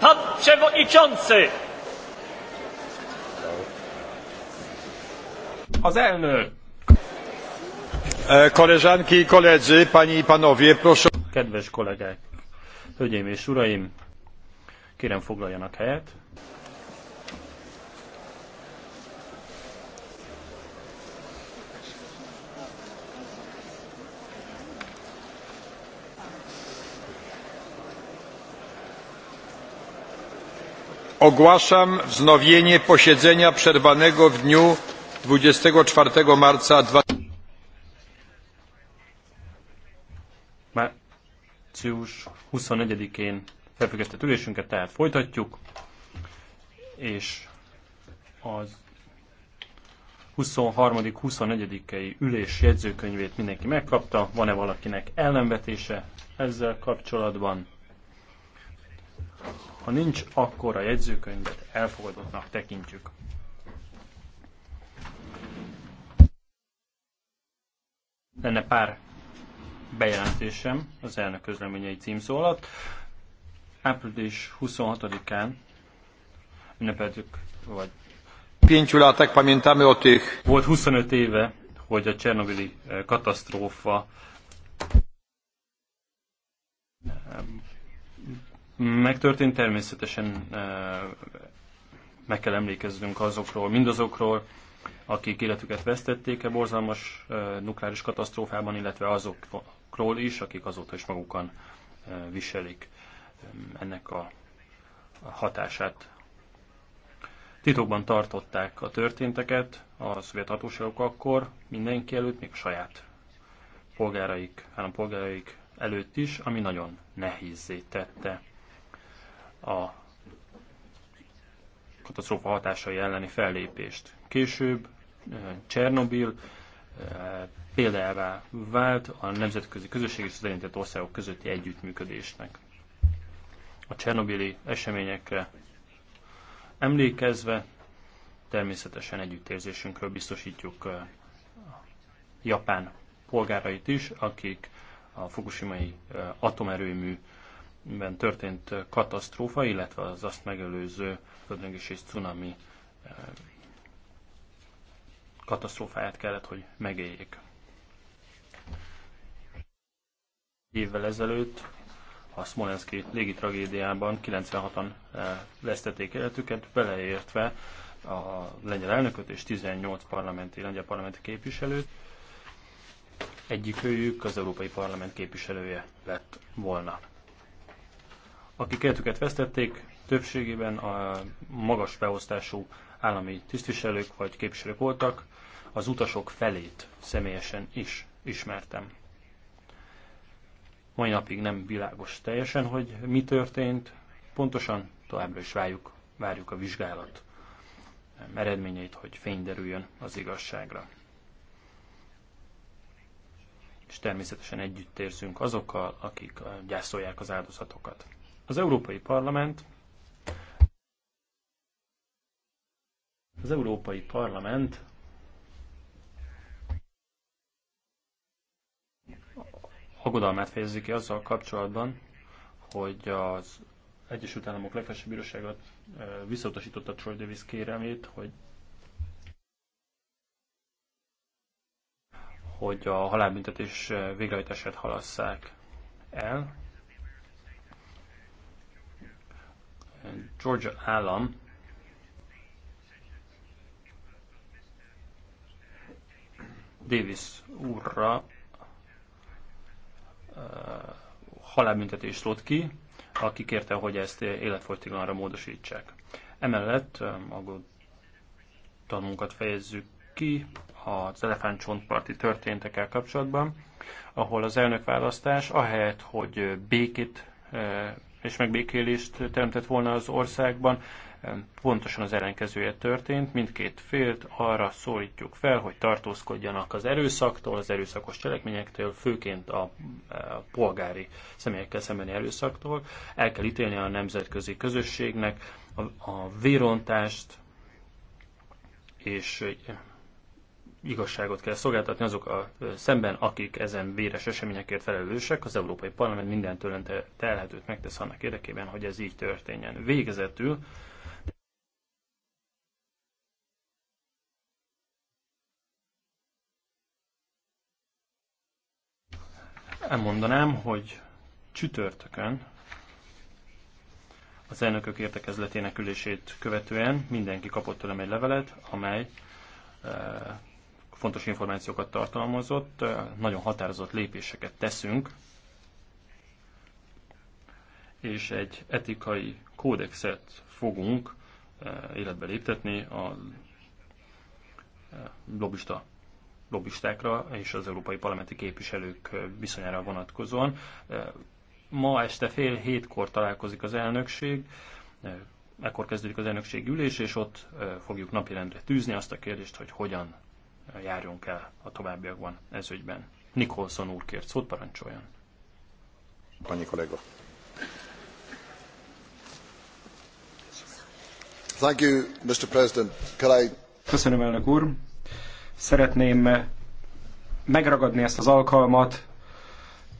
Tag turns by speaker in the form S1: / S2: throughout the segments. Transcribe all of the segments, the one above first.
S1: Pan Przewodniczący! Az elnök! E, koleżanki i koledzy, panie i panowie, proszę... Kedves kollégák, hölgyeim és uraim, kérem foglaljanak helyet. Ogłaszam wznowienie posiedzenia przerwanego w dniu 24 marca 20... Március 24-én felfüggesztett ülésünket, tehát folytatjuk, és az 23.-24-i ülés jegyzőkönyvét mindenki megkapta. Van-e valakinek ellenvetése ezzel kapcsolatban? Ha nincs, akkor a jegyzőkönyvet elfogadottnak tekintjük. Lenne pár bejelentésem az elnök közleményei alatt. Április 26-án ünnepeltük, vagy Pintyulátek, latach pamiętamy Volt 25 éve, hogy a Csernobili eh, katasztrófa megtörtént, természetesen e, meg kell emlékeznünk azokról, mindazokról, akik életüket vesztették a borzalmas e, nukleáris katasztrófában, illetve azokról is, akik azóta is magukon e, viselik ennek a hatását. Titokban tartották a történteket a szovjet hatóságok akkor, mindenki előtt, még a saját polgáraik, állampolgáraik előtt is, ami nagyon nehézé tette a katasztrófa hatásai elleni fellépést. Később Csernobil példává vált a nemzetközi közösség és az érintett országok közötti együttműködésnek. A csernobili eseményekre emlékezve természetesen együttérzésünkről biztosítjuk Japán polgárait is, akik a fukushimai atomerőmű ben történt katasztrófa, illetve az azt megelőző földrengés és cunami katasztrófáját kellett, hogy megéljék. Évvel ezelőtt a Smolenszki légi tragédiában 96-an vesztették életüket, beleértve a lengyel elnököt és 18 parlamenti, lengyel parlamenti képviselőt. Egyik őjük az Európai Parlament képviselője lett volna akik életüket vesztették, többségében a magas beosztású állami tisztviselők vagy képviselők voltak, az utasok felét személyesen is ismertem. Mai napig nem világos teljesen, hogy mi történt, pontosan továbbra is várjuk, várjuk a vizsgálat eredményeit, hogy fény derüljön az igazságra. És természetesen együtt érzünk azokkal, akik eh, gyászolják az áldozatokat. Az Európai Parlament az Európai Parlament aggodalmát fejezi ki azzal kapcsolatban, hogy az Egyesült Államok legfelsőbb bíróságot visszautasította Troy Davis kérelmét, hogy hogy a halálbüntetés végrehajtását halasszák el. Georgia állam Davis úrra uh, halálbüntetést szólt ki, aki kérte, hogy ezt életfogytiglanra módosítsák. Emellett uh, aggodalmunkat fejezzük ki az elefántcsontparti történtekkel kapcsolatban, ahol az elnökválasztás ahelyett, hogy békét uh, és megbékélést teremtett volna az országban, pontosan az ellenkezője történt, mindkét félt arra szólítjuk fel, hogy tartózkodjanak az erőszaktól, az erőszakos cselekményektől, főként a e, polgári személyekkel szembeni erőszaktól. El kell ítélni a nemzetközi közösségnek a, a vérontást, és igazságot kell szolgáltatni azok a szemben, akik ezen véres eseményekért felelősek. Az Európai Parlament minden telhetőt megtesz annak érdekében, hogy ez így történjen. Végezetül elmondanám, hogy csütörtökön az elnökök értekezletének ülését követően mindenki kapott tőlem egy levelet, amely fontos információkat tartalmazott, nagyon határozott lépéseket teszünk, és egy etikai kódexet fogunk életbe léptetni a lobbista lobbistákra és az európai parlamenti képviselők viszonyára vonatkozóan. Ma este fél hétkor találkozik az elnökség, ekkor kezdődik az elnökség ülés, és ott fogjuk napirendre tűzni azt a kérdést, hogy hogyan járjunk el a továbbiakban ez ügyben. Nikolson úr kért szót, parancsoljon. Annyi kollega. Thank you, Mr. President. Can I... Köszönöm, elnök úr. Szeretném megragadni ezt az alkalmat,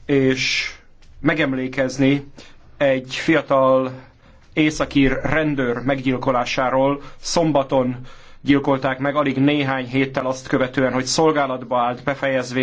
S1: és megemlékezni egy fiatal északír rendőr meggyilkolásáról szombaton gyilkolták meg, alig néhány héttel azt követően, hogy szolgálatba állt, befejezvén